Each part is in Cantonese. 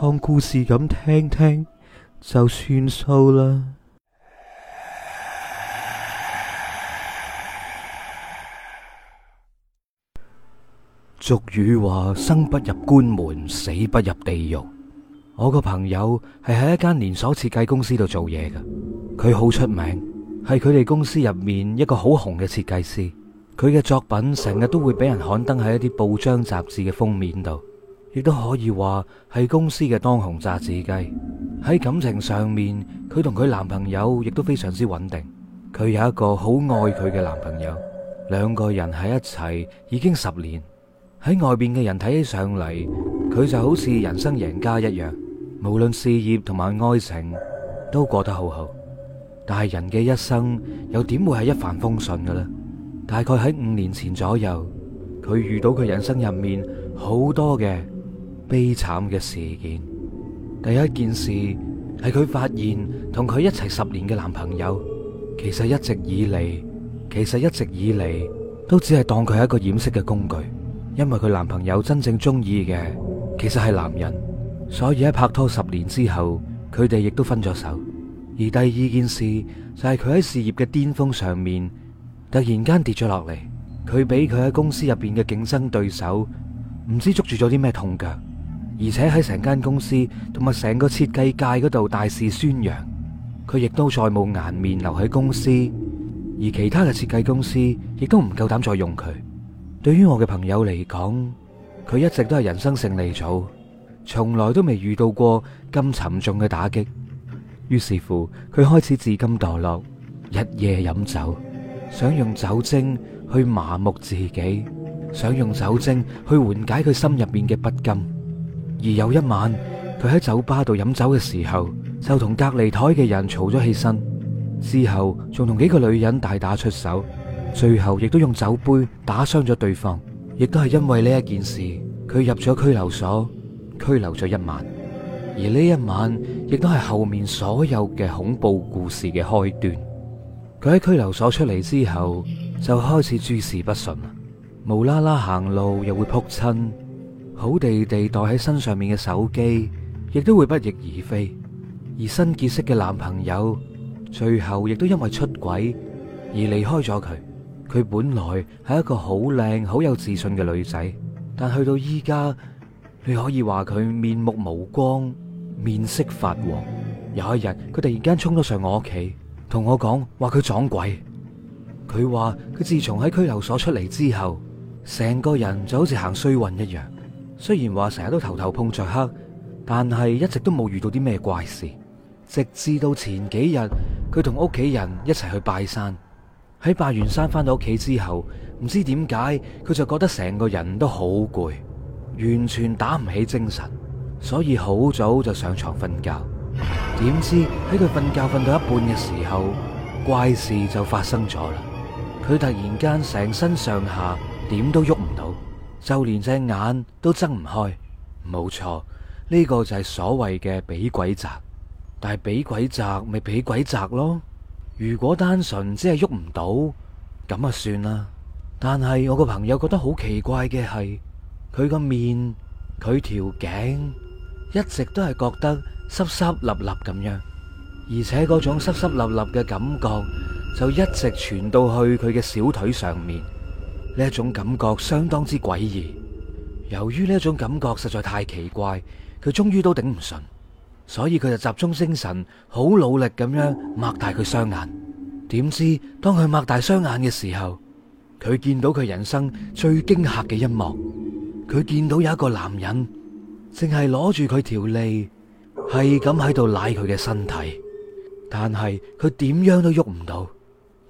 當故事咁聽聽就算數啦。俗語話：生不入官門，死不入地獄。我個朋友係喺一間連鎖設計公司度做嘢嘅，佢好出名，係佢哋公司入面一個好紅嘅設計師。佢嘅作品成日都會俾人刊登喺一啲報章雜誌嘅封面度。亦都可以話係公司嘅當紅炸子雞。喺感情上面，佢同佢男朋友亦都非常之穩定。佢有一個好愛佢嘅男朋友，兩個人喺一齊已經十年。喺外邊嘅人睇起上嚟，佢就好似人生贏家一樣，無論事業同埋愛情都過得好好。但係人嘅一生又點會係一帆風順㗎呢？大概喺五年前左右，佢遇到佢人生入面好多嘅。悲慘嘅事件，第一件事係佢發現同佢一齊十年嘅男朋友，其實一直以嚟，其實一直以嚟都只係當佢係一個掩飾嘅工具，因為佢男朋友真正中意嘅其實係男人，所以喺拍拖十年之後，佢哋亦都分咗手。而第二件事就係佢喺事業嘅巔峰上面，突然間跌咗落嚟，佢俾佢喺公司入邊嘅競爭對手唔知捉住咗啲咩痛腳。而且喺成間公司同埋成個設計界嗰度大肆宣揚，佢亦都再冇顏面留喺公司，而其他嘅設計公司亦都唔夠膽再用佢。對於我嘅朋友嚟講，佢一直都係人生勝利組，從來都未遇到過咁沉重嘅打擊。於是乎，佢開始自甘墮落，日夜飲酒，想用酒精去麻木自己，想用酒精去緩解佢心入面嘅不甘。而有一晚，佢喺酒吧度飲酒嘅時候，就同隔籬枱嘅人嘈咗起身，之後仲同幾個女人大打出手，最後亦都用酒杯打傷咗對方，亦都係因為呢一件事，佢入咗拘留所拘留咗一晚。而呢一晚亦都係後面所有嘅恐怖故事嘅開端。佢喺拘留所出嚟之後，就開始諸事不順，無啦啦行路又會扑親。好地地袋喺身上面嘅手機，亦都會不翼而飛。而新結識嘅男朋友，最後亦都因為出軌而離開咗佢。佢本來係一個好靚、好有自信嘅女仔，但去到依家，你可以話佢面目無光、面色發黃。有一日，佢突然間衝咗上我屋企，同我講話佢撞鬼。佢話佢自從喺拘留所出嚟之後，成個人就好似行衰運一樣。雖然話成日都頭頭碰着黑，但係一直都冇遇到啲咩怪事。直至到前幾日，佢同屋企人一齊去拜山，喺拜完山翻到屋企之後，唔知點解佢就覺得成個人都好攰，完全打唔起精神，所以好早就上床瞓覺。點知喺佢瞓覺瞓到一半嘅時候，怪事就發生咗啦！佢突然間成身上下點都喐。就連隻眼都睜唔開，冇錯，呢個就係所謂嘅俾鬼砸。但係俾鬼砸咪俾鬼砸咯。如果單純只係喐唔到，咁啊算啦。但係我個朋友覺得好奇怪嘅係，佢個面、佢條頸一直都係覺得濕濕立立咁樣，而且嗰種濕濕立立嘅感覺就一直傳到去佢嘅小腿上面。呢一種感覺相當之詭異，由於呢一種感覺實在太奇怪，佢終於都頂唔順，所以佢就集中精神，好努力咁樣擘大佢雙眼。點知當佢擘大雙眼嘅時候，佢見到佢人生最驚嚇嘅一幕，佢見到有一個男人淨係攞住佢條脷，係咁喺度舐佢嘅身體，但係佢點樣都喐唔到。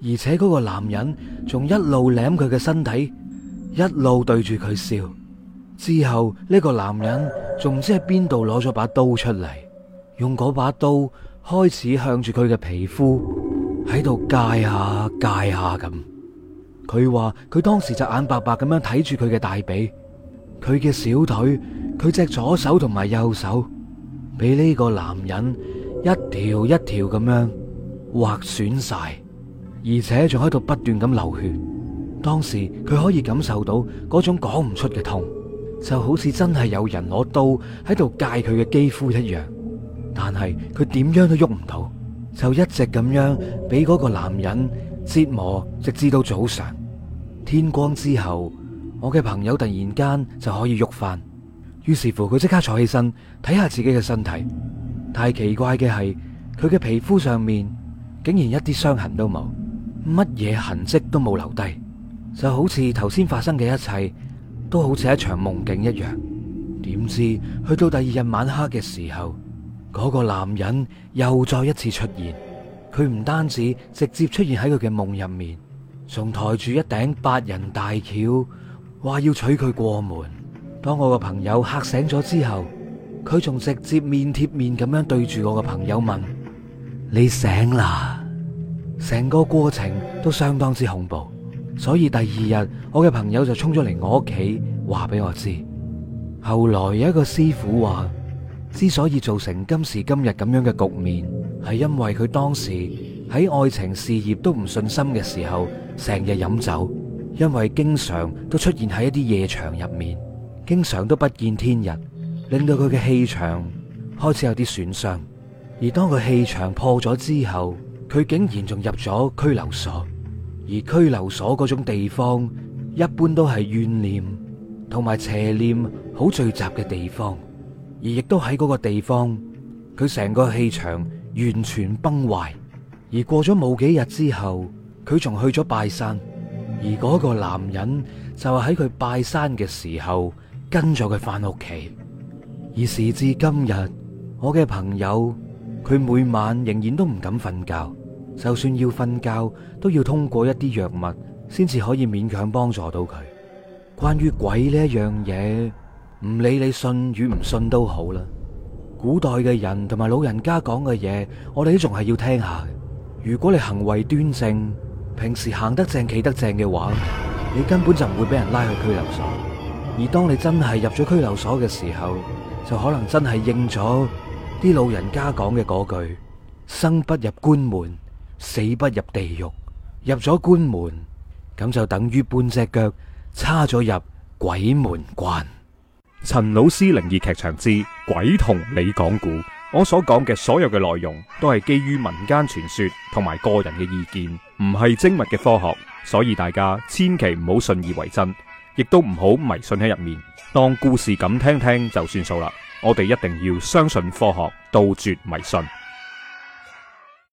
而且嗰個男人仲一路舐佢嘅身體，一路對住佢笑。之後呢個男人仲唔知喺邊度攞咗把刀出嚟，用嗰把刀開始向住佢嘅皮膚喺度戒下戒下咁。佢話佢當時就眼白白咁樣睇住佢嘅大髀、佢嘅小腿、佢隻左手同埋右手，俾呢個男人一條一條咁樣劃損晒。而且仲喺度不斷咁流血，當時佢可以感受到嗰種講唔出嘅痛，就好似真係有人攞刀喺度戒佢嘅肌膚一樣。但係佢點樣都喐唔到，就一直咁樣俾嗰個男人折磨，直至到早上天光之後，我嘅朋友突然間就可以喐翻。於是乎，佢即刻坐起身睇下自己嘅身體，太奇怪嘅係，佢嘅皮膚上面竟然一啲傷痕都冇。.乜嘢痕迹都冇留低，就好似頭先發生嘅一切，都好似一場夢境一樣。點知去到第二日晚黑嘅時候，嗰個男人又再一次出現。佢唔單止直接出現喺佢嘅夢入面，仲抬住一頂八人大轎，話要娶佢過門。當我個朋友嚇醒咗之後，佢仲直接面貼面咁樣對住我個朋友問：你醒啦？成個過程都相當之恐怖，所以第二日我嘅朋友就衝咗嚟我屋企話俾我知。後來有一個師傅話，之所以造成今時今日咁樣嘅局面，係因為佢當時喺愛情事業都唔順心嘅時候，成日飲酒，因為經常都出現喺一啲夜場入面，經常都不見天日，令到佢嘅氣場開始有啲損傷。而當佢氣場破咗之後，佢竟然仲入咗拘留所，而拘留所嗰種地方，一般都係怨念同埋邪念好聚集嘅地方，而亦都喺嗰個地方，佢成個氣場完全崩壞。而過咗冇幾日之後，佢仲去咗拜山，而嗰個男人就係喺佢拜山嘅時候跟咗佢翻屋企，而時至今日，我嘅朋友佢每晚仍然都唔敢瞓覺。就算要瞓覺，都要通過一啲藥物，先至可以勉強幫助到佢。關於鬼呢樣嘢，唔理你信與唔信都好啦。古代嘅人同埋老人家講嘅嘢，我哋都仲係要聽下。如果你行為端正，平時行得正、企得正嘅話，你根本就唔會俾人拉去拘留所。而當你真係入咗拘留所嘅時候，就可能真係應咗啲老人家講嘅嗰句：生不入官門。死不入地獄，入咗官門，咁就等於半隻腳插咗入鬼門關。陳老師靈異劇場之「鬼同你講古」，我所講嘅所有嘅內容都係基於民間傳說同埋個人嘅意見，唔係精密嘅科學，所以大家千祈唔好信以為真，亦都唔好迷信喺入面，當故事咁聽聽就算數啦。我哋一定要相信科學，杜絕迷信。